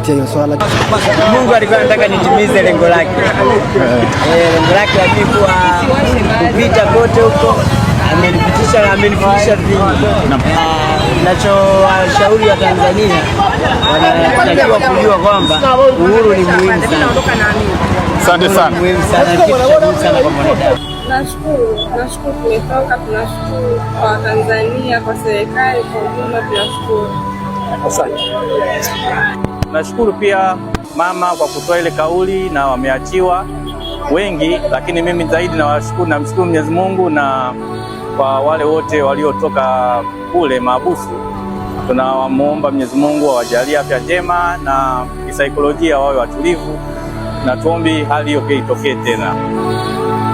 kupitia hiyo swala. Mungu alikuwa anataka nitimize lengo lake, eh, lengo lake alikuwa kupita kote huko, amenipitisha na amenifundisha vingi. Nachowashauri wa Tanzania wanatakiwa kujua kwamba uhuru ni muhimu sana. Asante sana, muhimu sana, kitu sana kwa mwanadamu. Nashukuru, nashukuru tumetoka, tunashukuru kwa Tanzania, kwa serikali, kwa ujumla tunashukuru. Asante. Nashukuru pia mama kwa kutoa ile kauli na wameachiwa wengi, lakini mimi zaidi nawashukuru, namshukuru Mwenyezi Mungu na kwa wale wote waliotoka kule maabusu, tunamuomba Mwenyezi Mungu awajalie afya njema na kisaikolojia wawe watulivu, na tuombi hali hiyo okay, itokee tena.